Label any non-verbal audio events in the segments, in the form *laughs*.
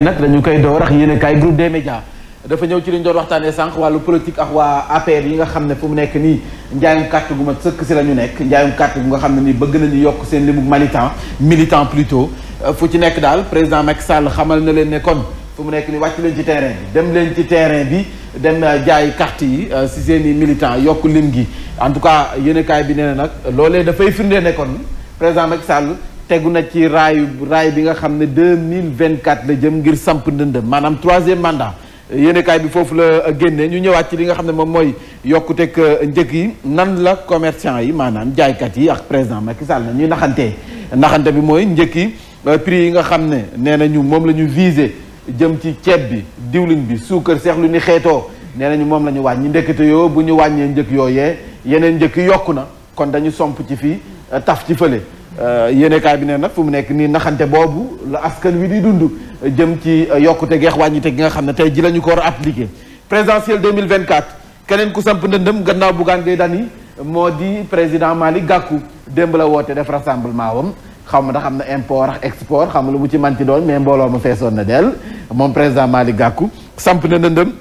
nag dañu koy door ak yéen kaay groupe des média dafa ñëw ci li doon waxtaanee sànq wàllu politique ak waa APR yi nga xam ne fu mu nekk nii njaayum carte gu ma sëkk si la ñu nekk njaayum carte gu nga xam ne nii bëgg nañu yokk seen limu militant militant plutôt euh, fu ci nekk daal président Macky Sall xamal na leen ne kon fu mu nekk nii wàcc leen ci terrain bi dem leen ci terrain bi dem euh, jaay carte yi euh, si seen i militant yokk lim gi en tout cas yéen bi nee na nag loolee dafay firndee ne kon président Sall tegu na ci raayu raay bi nga xam ne deux mille vingt quatre la jëm ngir samp ndëndëm maanaam troisième mandat yéenekaay bi foofu la génnee ñu ñëwaat ci li nga xam ne moom mooy yokkuteeg euh, njëkk yi nan la commerçant yi maanaam jaaykat yi ak président Macky Sall na ñuy naxantee naxante bi mooy njëkk yi euh, prix yi nga xam ne nee nañu moom la ñu visé jëm ci ceeb bi diwlin bi suukar seexlu ni xeetoo nee nañu moom la ñu wàññi ndekete yoo bu ñu wàññee njëkk yooyee yeneen njëkk yokku na kon dañu somp ci fi euh, taf ci fële Euh, yéenekaay bi ne nag fu mu nekk nii naxante boobu la askan wi di dund jëm ci euh, yokkute geex wàññite gi nga xam ne tey ji la ñu ko war a appliqué vingt 2024 keneen ku samp ndëndëm gannaaw Bougane Gueye Dany moo di président Malick gàkku démb la woote def rassemblement wam xaw ma ndax am na import ak export xam lu mu ci manti doon mais mbooloo ma feesoon na dell moom président Malick gàkku samp na ndëndëm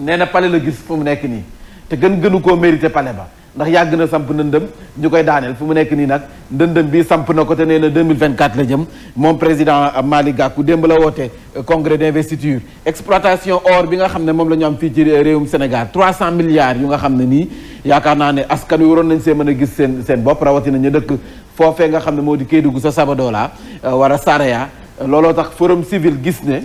nee na pale la gis fu mu nekk nii te gën gënu koo mérité pale ba ndax yàgg na samp ndëndëm ñu koy daaneel fu mu nekk nii nag ndëndëm bi samp na ko te nee na 2024 la jëm moom président Malick Gakou démb la woote congrès d'investiture exploitation or bi nga xam ne moom la ñu am fii ci réewum Sénégal 300 milliards yu nga xam ne nii yaakaar naa ne askan wi waroon nañ see mën a gis seen seen bopp rawatina ñu dëkk foofee nga xam ne moo di Kédougou sa war wala euh, Saraya looloo tax forum civil gis ne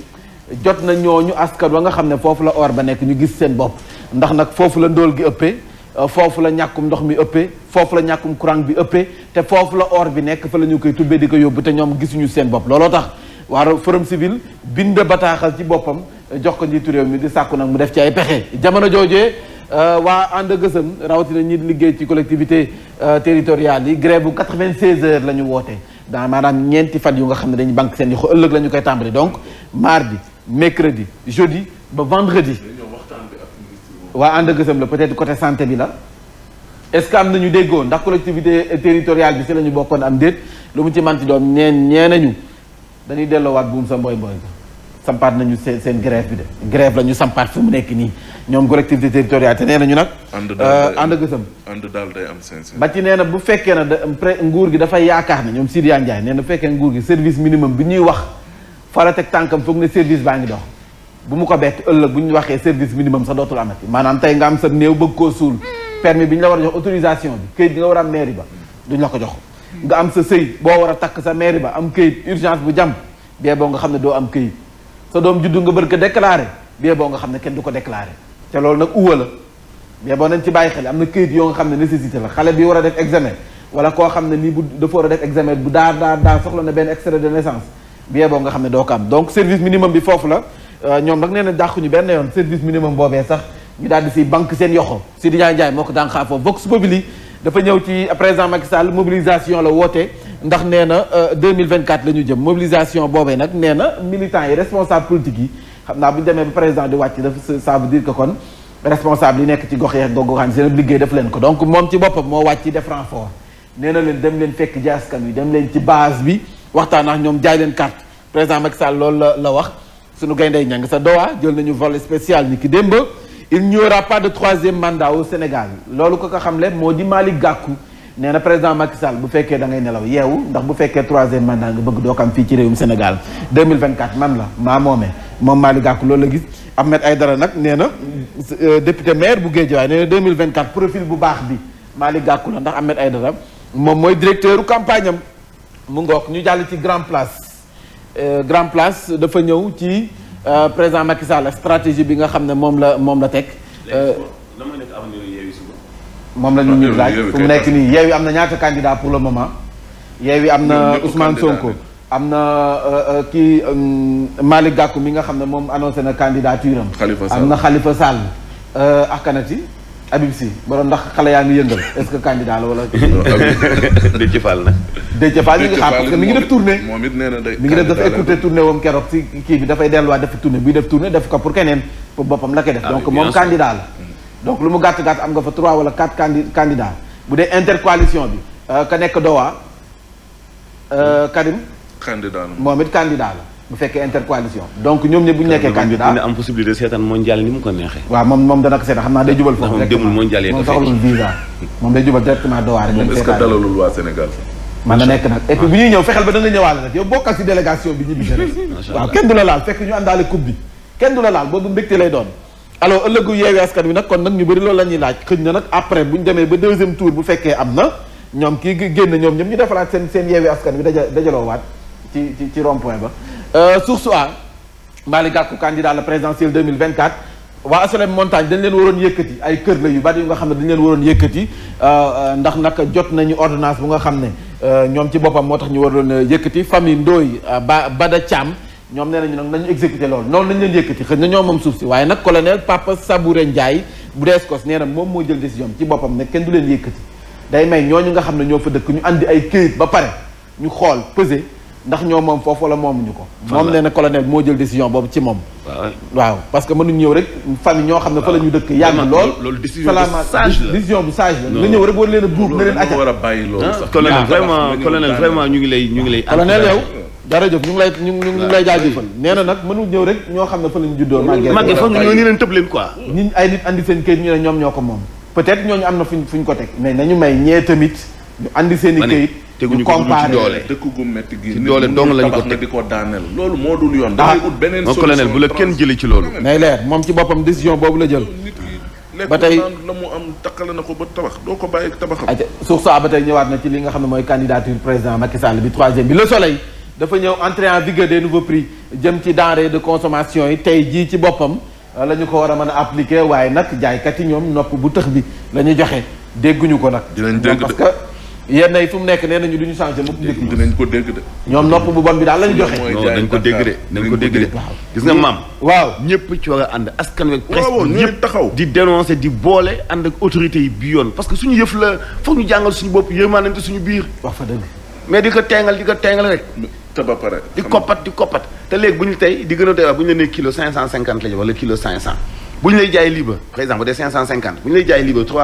jot na ñooñu askan wa nga xam ne foofu la or ba nekk ñu gis seen bopp ndax nag foofu la ndóol gi ëppee Euh, foofu la ñàkkum ndox mi ëppee foofu la ñàkkum courant bi ëppee te foofu la or bi nekk fa la ñu koy tubbee di ko yóbbu te ñoom gisuñu seen bopp looloo tax waa forum civil bind bataaxal ci boppam euh, jox ko njiitu réew mi di sàkku nag mu def ci ay pexe jamono joojee euh, waa ànd gësëm rawatina ñi liggéey ci collectivité territoriale yi grève bu 96 heures la ñu woote dans maanaam ñeenti fat yu nga xam ne dañuy banque seen yoxo ëllëg lañu ñu koy tàmbali donc mardi mercredi jeudi ba waa ànd gësëm la peut-être côté santé bi la est-ce que am na ñu déggoon ndax collectivité territoriale bi si la ñu bokkoon am déet lu mu ci manti doom ñeen ñee nañu dañuy delloowaat buum sa mboy mboy sampaat nañu seen seen grève bi de grève la ñu sampaat fu mu nekk nii ñoom collectivité territoriale te nee nañu nag. ànd euh, gësëm ànd daal day am sincère ba ci nee na bu fekkee na nguur gi dafay yaakaar ne ñoom Sidiya Ndiaye nee na bu fekkee nguur gi service minimum bi ñuy wax fa la tànkam foog ne service baa ngi dox. bu mu ko bett ëllëg bu ñu waxee service minimum sax dootul amati maanaam tey nga am sa néew bëgg koo suul hmm. permis bi ñu la war a jox autorisation bi këyit bi nga war a am mairie ba duñ la ko jox hmm. nga am sa sëy boo war a takk sa mairie ba am këyit urgence bu jàmm bee boo nga xam ne doo am këyit sa doom juddu nga bër ko déclaré bee boo nga xam ne kenn du ko déclaré te loolu nag uwa la bee boo nañ ci bàyyi xel am na këyit xam ne nécessité la xale bi war a def examen wala koo xam ne nii bu dafa war a def bu daar daar daar soxla na benn extrait de naissance bee nga xam ne doo ko am donc service minimum bi foofu la Euh, ñoom nag nee na dàquñu benn yoon service minimum boobee sax ñu daal di si banque seen yoxo Sidi Ndiaye Ndiaye moo ko daan xaafoo Vox Populi dafa ñëw ci président Macky Sall mobilisation la woote ndax nee na 2024 euh, la ñu jëm mobilisation boobee nag nee na militants yi responsable politique yi xam naa bu ñu demee ba président di wàcc dafa ça veut dire que kon responsable yi nekk ci gox yeeg gox seen liggéey daf leen ko donc moom ci boppam moo wàcc def renfort nee leen dem leen fekk ji askan wi dem leen ci base bi waxtaan ak ñoom jaay leen carte président Macky Sall loolu la la wax. suñu gayndey ñang sa dowa jël nañu vol spécial ni ki démb il n'y aura de troisième mandat au Sénégal loolu ko ko xamle moo di Malick Gakou nee na président Macky Sall bu fekkee dangay nelaw yeewu ndax bu fekkee troisième mandat nga bëgg doo ko am fii ci réewum Sénégal 2024 man la maa moomee moom Malick Gakou loolu la gis ay Aïdara nag nee na euh, député maire bu Guédiawaye mille vingt 2024 profil bu baax bi Malick Gakou la ndax Ahmed Aïdara moom mooy directeur campagne am mu ngoog ñu jàll ci grand place Euh, grand place dafa ñëw ci euh, président Macky Sall stratégie bi nga xam ne moom la moom la teg. Euh, moom la ñu ah, ñu laaj fu mu nekk nii yeewi am na ñaata candidat pour le moment. yeewi am na Ousmane Sonko am na kii Malick Gakou mi nga xam ne moom annoncé na candidature am. am na Khalifa Sall. ak kanati Habib Sy ma ndax xale yaa ngi yëngal est-ce que candidat la wala. *laughs* Déthié Fall nag. Déthié faal ñu ngi xaar ah, parce que mi ngi def tournée. moom it nee na mi ngi def dafa écouté tournée woom keroog si kii bi dafay delluwaat def tournée buy def tournée def ko pour keneen pour boppam la koy def. Ah, donc moom candidat la. donc lu mu gàtt gàtt am nga fa trois wala quatre candi candidats bu dee intercoalition bi. Euh, ka nekk Dowa. Euh, Karim. candidat la moom it candidat la. bu fekkee intercoalition donc ñoom ñëpp bu ñu nekkee candidat dina am possibilité seetaan mondial ni mu ko neexee waaw moom moom dana ko seetaan xam naa day jubal foofu demul mondial moom soxlul visa moom day jubal directement Doha rek est-ce que dalalul waa Sénégal man na nekk nag et puis ah. bu ñuy ñëw fexeel ba da nga ñëwaale nag yow bokkal si délégation bi ñibbi si *laughs* waaw kenn du la laal fekk ñu àndaale coupe bi kenn du la laal boobu mbégte lay doon alors ëllëgu yeewi askan wi nag kon nag ñu bëri loolu la ñuy laaj xëñ na nag après bu ñu demee ba deuxième tour bu fekkee am na ñoom kii génn ñoom ñëpp ñu defaraat seen seen yeewi askan wi dajaloo waat ci ci ci rond point ba Euh, source a ah, Malick Gakou candidat la présidentielle 2024 waa asolem montagne dañ leen waroon yëkkati ay kër la yu bari yu nga xam ne dañ leen waroon yëkkati euh, euh, ndax nag jot nañu ordonnance bu nga xam ne ñoom ci boppam moo tax ñu waroon yëkkati famille Ndoye ba Bada Thiam ñoom nee nañu nag nañu exécuté loolu noonu lañ leen yëkkati xëy na ñoo moom suuf si waaye nag colonel Papa Sabouré Ndiaye bu deeskos nee na moom moo jël décision ci boppam ne kenn du leen yëkkati day may ñoo ñu nga xam ne ñoo fa dëkk ñu andi ay këyit ba pare ñu xool pesé ndax ñoo moom foofu wala moomuñu ko moom nee na colonel moo jël décision boobu ci moom waaw parce que mënuñu ñëw rek famille ñoo xam ne fa la ñu dëkk yàgg lool a buub loolu ah. sax colonel ah. vraiment colonel vraiment ñu ngi lay ñu ngi lay colonel ñu ngi lay ñu ngi lay jaajëfal nee na nag mënul ñëw rek ñoo xam ne fa la ñu juddoo màggee foog ñoo ni leen tëb leen quoi ay nit andi seen kayit ñu ñoom ñoo ko moom peut-être ñooñu am na fuñ fuñ ko teg mais nañu may ñee tamit ñu andi seen i këyit ñu comparé dëkk gu metti gi ci doole dong lañ ko teg di ko daaneel loolu moo dul yoon ah. dangay ut beneen bu la kenn jëli ci loolu nay leer moom ci boppam décision boobu la jël ba tey la mu am takkale na ko ba tabax doo ko bàyyi tabaxam suuf saa ba tey ñëwaat na ci li nga xam ne mooy candidature président Macky Sall bi troisième bi le soleil dafa ñëw entrée en vigueur des nouveaux prix jëm ci denrée de consommation yi tey jii ci boppam lañu ko war a mën a appliquer waaye nag jaaykat yi ñoom nopp bu tëx bi la ñu joxe dégguñu ko nag parce que yenn yi fu mu nekk nee nañu du ñu changé mukk njëkk yi dinañ ko dégg de ñoom nopp bu bon bi daal lañ joxe dañ ko ko dégg de gis nga maam waaw ñëpp ci war a ànd askan wi presse ñëpp taxaw di dénoncer di boole ànd ak autorité yi bi yoon parce que suñu yëf la foog ñu jàngal suñu bopp yërmaanante suñu biir wax fa dëgg mais di ko teengal di ko teengal rek te ba pare di koppat di koppat te léegi bu ñu tey di gën a doy wax bu ñu la nee kilo cinq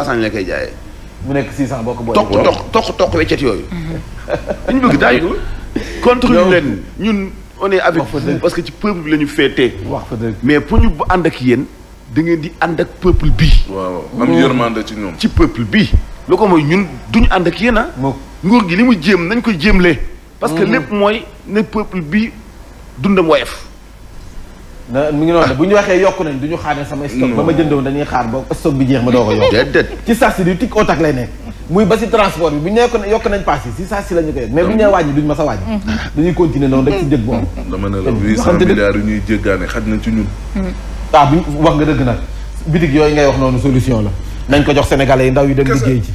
cent mu nekk 600 boo ko boolee. toq toq toq toq weccet yooyu. li ñu bëgg daay contre ñu leen ñun one est avec parce que ci peuple bi la ñu féetee. wax mais pour ñu ànd ak yéen da ngeen di ànd ak peuple bi. waaw am yërmande ci ñoom. ci peuple bi. lu ko mooy ñun duñu ànd ak yéen ah. nguur gi li mu jéem nañ ko jéemlee. parce que lépp mooy ne peuple bi dundam woyef. na mi ngi noonu bu ñu waxee yokk nañ du ñu xaar ne sama stock ba ma jëndoon dañuy xaar ba stock bi jeex ma doo ko yokk déedéet ci saa si du tikk otak lay nekk muy ba si transport bi bu ñu nekkoon yokk nañ paas yi si saa si la ñu koy mais bu ñu nee wàññi duñ ma sa wàññi mm-hmm. dañuy continuer noonu rek si jëg boobu dama ne la huit cent milliards yu ñuy jéggaane xaj nañ ci ñun waaw mm-hmm. ah, bu wax nga dëgg nag bitig yooyu ngay wax noonu solution la nañ ko jox sénégalais yi ndaw yu dem liggéey ci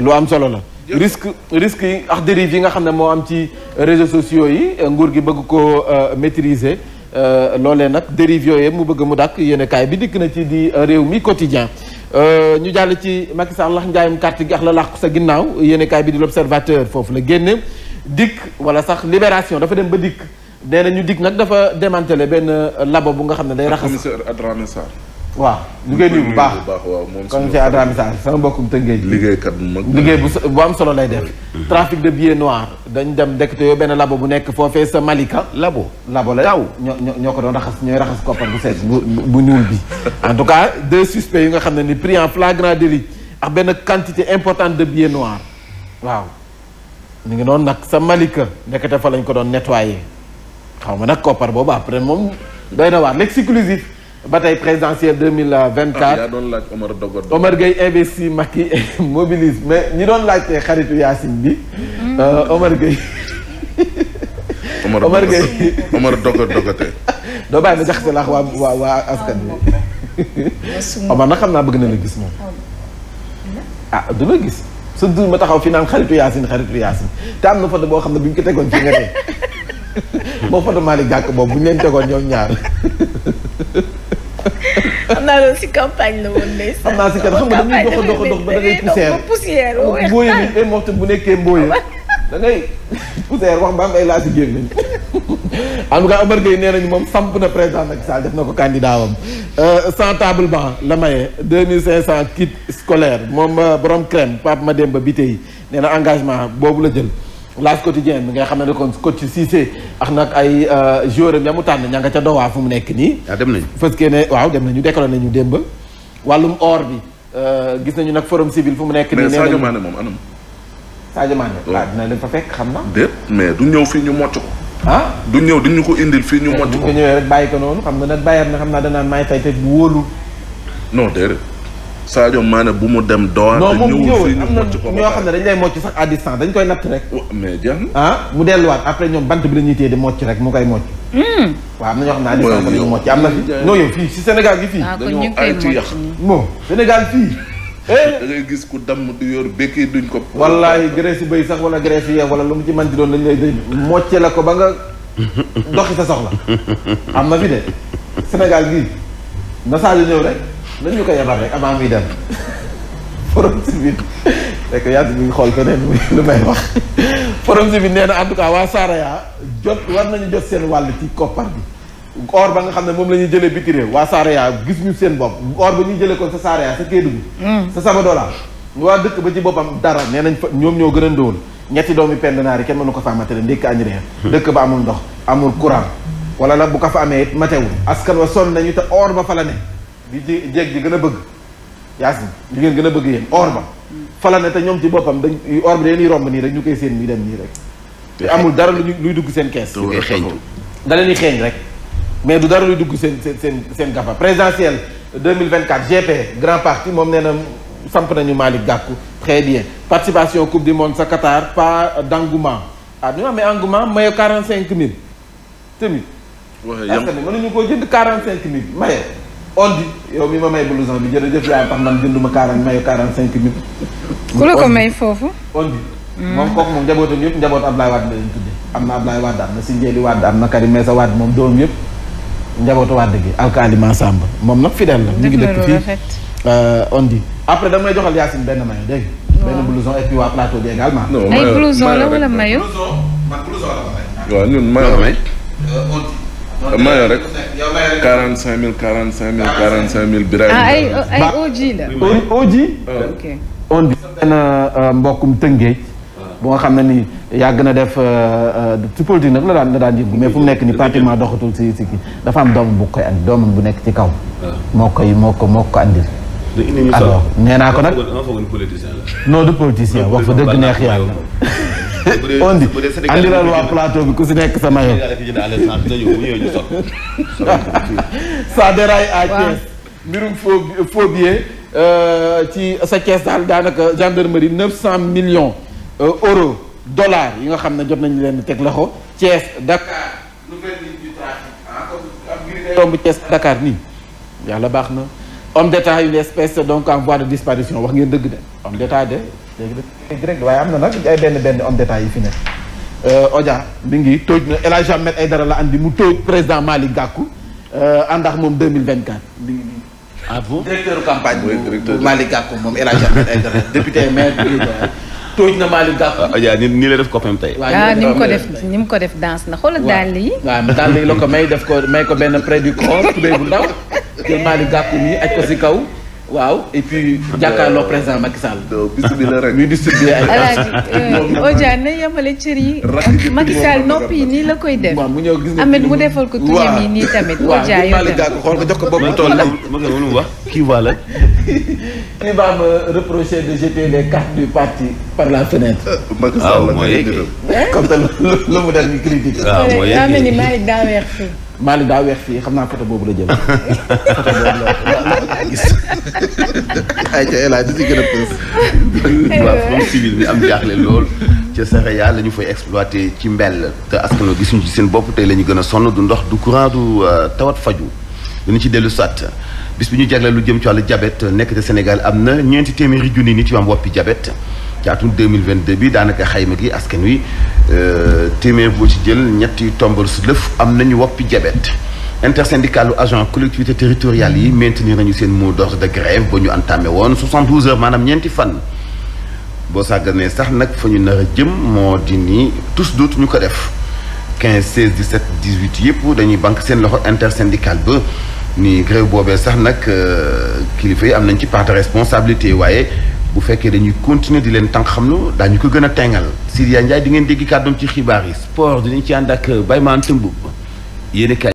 lu am solo la risque risque yi ak dérive yi nga xam ne moo am ci réseaux sociaux yi nguur gi bëgg ko euh, maîtriser Euh, loolee nag dérive yooyu mu bëgg mu dàkk yéen bi dikk na ci di euh, réew mi quotidien euh, ñu jàll ci Macky Sall lax njaayum carte gi ak la làqu sa ginnaaw yéen bi di l'observateur foofu la génne dikk wala sax libération dafa dem ba dikk nee ñu dikk nag dafa demantele benn labo bu nga xam ne day raxas commissaire Adrame Sarr waaw ñu koy bu baax waaw moom kon monsieur Adrame Sall sama mbokkum tëngee ji liggéeykat bu mag am solo lay def mm-hmm. trafic de dem ndekete benn labo bu nekk foofee sa Malika labo labo la taw ñoo ñoo ko doon raxas ñooy raxas koppar bu seet bu ñuul bi en tout cas deux suspects nga xam ne ni pris en flagrant délit benn quantité importante de billets noirs waaw ñu ngi noonu nag sa Malika ndekete fa lañ ko doon nettoyé xaw ma nag koppar boobu après moom doy na waar l'exclusif ba tey présidentielle de mille vingt quatre ah, yaa doon laaj Omar Dogo Omar Gueye investi Macky *laughs* mobilise mais ñi doon laajtee xaritu Yacine bi. Mm. Euh, Omar Gueye. Omar Gueye Omar Dogo Dogote. *laughs* doo bàyyi ma jaxase laax waa waa waa askan bi. *laughs* xam naa bëgg na la gis moom. ah du la gis. sa dur ma taxaw fi naan xaritu Yacine xaritu Yacine te am na photo boo xam ne bu ñu ko tegoon ci nga tey moo photo Malick Gakou boobu ñu leen tegoon ñoom ñaar. xam naa loolu si campagne eh, la woon de. xam naa si kat xam na dañuy dox dox dox ba da ngay poussière poussière mbooy bi bu nekkee mbooy da ngay poussière wax ba am laa si génn. en tout cas Omar Gueye nee nañu moom samp na président Macky Sall def na ko candidat wam sans table la maye deux mille cinq cent kit scolaire moom borom crème Pape bi Bitèye nee na engagement boobu la jël. laas quotidien bi ngay xam ne ne kon coach Cissé ak nag ay euh, joueur am ya mu tànn ña nga ca Doha fu mu nekk nii. Ah, waaw dem nañu fës kee ne waaw dem nañu déclaré nañu démb. wàllum or bi euh, gis nañu nag forum civil fu mu nekk. nii nee nañu mais Sadio Mané moom anam. Sadio Mané waaw ah, dina fa fekk xam na. déet mais du ñëw fii ñu mocc ko. ah du ñëw du ñu ko indil fii ñu mocc ko. bu ñu ko ñëwee rek bàyyi ko noonu xam nga nag bàyyi na xam naa danaan may tey te bu wóolu. non Sadio Mané bu mu dem Doha. te ñëwul fii ñu mocc ko ñoo xam ne dañ lay mocc sax à distance dañ koy natt rek. mais jeex na. ah mu delluwaat après ñoom bant bi la ñuy téye di mocc rek mu koy mocc. Hmm. waaw am na ñoo xam ne à distance dañuy mocc am na fi. ñoo fii si Sénégal gi fii. Ah, dañoo ay ci yàq bon Sénégal fii. da eh? gis ku damm du yor békkee duñ ko. wallaay Grèce bëy sax wala Grèce yeew wala lu mu ci manti doon dañ lay déglu. mocce la ko ba nga doxi sa soxla. am na fi de Sénégal gii na Sadio ñëw rek nañ ñu ko yebal rek avant muy dem forom civil rek yaatu ngi xool feneen lu may wax forom nee na en tout cas waa Saraya jot war nañu jot seen wàll ci koppar bi or ba nga xam ne moom la ñuy jëlee biti réew waa Saraya gis ñu seen bopp oor ba ñu jëlee ko sa Saraya sa Kédougou mm. sa Sabadola waa dëkk ba ci boppam dara nee nañ fa ñoom ñoo gën a ndóol ñetti doomi pend naar yi kenn mënu ko fa matale ndékk añ reer hmm. dëkk ba amul ndox amul courant wala nag bu ko fa amee it matewul askan wa sonn nañu te or ba fa la ne bi ji jeeg ji gën a bëgg yaasin li ngeen gën a bëgg yéen or ba fala ne te ñoom ci boppam dañ or bi dañuy romb nii rek ñu koy seen muy dem nii rek te amul dara lu luy dugg seen kees da leen di xeeñ rek mais du dara luy dugg seen seen seen seen gafa vingt 2024 GP grand parti moom nee na samp nañu Malick Gakou très bien participation coupe du monde sa Qatar pas d'engouement ah ñu amee engouement mayo 45 000 tamit. waaye yam mënuñu koo jënd 45 000 maye. on dit yow mi ma may blouson bi jërëjëf yaa tax man jënduma quarante mayu quarante cinq mille. ku la ko may foofu. on dit hmm. moom kooku moom njabootam yëpp njaboot Ablaye Wade la leen tuddee am na Ablaye Wade am na Sindiély Wade am na Karim Meïssa Wade moom doom yëpp njabootu Wade gi Alkali Massamba moom nag fidèle la. mu ngi dëkk fii euh, on dit après da may joxal Yacine benn mayu dégg benn blouson et puis waa plateau bi également. non mayu ay la wala mayu. blouson man mayoon rek. quarante cinq ah ay OG la. OG. Ah. ok on euh, mbokkum tëngeej. bu nga xam ne ni yàgg na def euh, euh, ci politique nag la daan la daan yëngu fu mu nekk ni pratiquement doxatul si si kii dafa am doomam bu koy andi doomam bu nekk ci kaw. Ah. moo koy moo ko moo ko andil. alors nee ko nag. non du wax fa dëgg neex yàlla. on dit andilal waa plateau bi ku si nekk sa maillot. ça *laughs* déraille à Thiès. mbirum faux euh, faux ci sa Thiès daal daanaka gendarmerie neuf cent millions euh, euros dollars yi nga xam ne jot nañu leen teg loxo Thiès Dakar. Ah, nouvelle ligne du trafic ah, Dakar nii yàlla baax na homme d'état une espèce donc en voie de disparition wax ngeen dëgg de homme d'état de. léegi nag direct waaye am na nag ay benn benn homme d'état yi fi nekk. Euh, Odia mi ngi tooj na El Hadj Ahmed Aïdara la andi mu tóoj président Malick Gakou euh, ànd ak moom 2024. mille vingt ah, directeur campagne. mooy directeur Malick Gakou moom El Hadj Ahmed Aïdara *laughs* député maire na Malick Gakou. Ah, Odia ni ni la def copain tey. waaw ah, ni mu def ni mu ko def danse na xoolal dàll yi. waaw dàll yi la ko may ko benn près du corps bu ndaw jël Malick nii aj ko si kaw. waaw et puis jàkkaarloo président Macky Sall. bisimilah rek muy distribué ay. alaaji euh, na yemale cër yi. Macky Sall noppi yi nii la koy def. waaw mu ñëw gis nga Ahmed mu defal ko. waaw tuñam yi nii tamit. Oja yow tamit xool nga jox ko bopp tool yi. wax kii voilà. il va de jeter les cartes du parti par la fenêtre. Euh, Macky Sall ah, la koy comme ça *laughs* lu mu def ñu critique. waaw ah, mooy yegg daa ni maa ngi daa weex Mali daa weex fii xam naa photo boobu la jël *laughs* photo boobu gis ay ca El Hadj si gën a pës waa forme civile bi am jaaxle lool ca Saraya la ñu fay exploité ci mbell te askan wi ci seen bopp tey la ñu gën a sonn du ndox du courant du euh, tawat faju dinañ ci dellu sat bis bi ñu jagleel lu jëm ci wàllu jabet nekk te Sénégal am na ñeenti téeméeri junni nit yu woppi jabet ci atum 2022 bi daanaka xayma gi askan wi euh, téeméer boo ci jël ñetti tombal su lëf am nañu woppi jabet intersyndicalu agent collectivité territoriale yi maintenir nañu seen mot d'ordre de grève ba ñu entamé woon 72 heures maanaam ñeenti fan boo sàgganee sax nag fa ñu nar jëm moo di ni tous dootuñu ko def 15 16 17 18 yëpp dañuy banque seen loxo intersyndical ba ni grève boobee sax nag euh, kilifa yi am nañ ci part de responsabilité waaye bu fekkee dañuy continuer di leen tànk xam nu daañu ko gën a tengal Sidia Ndiaye di ngeen dégg kàddoom ci xibaar yi sport dinañ ci ànd ak bay maan Baye Mantemboub yéen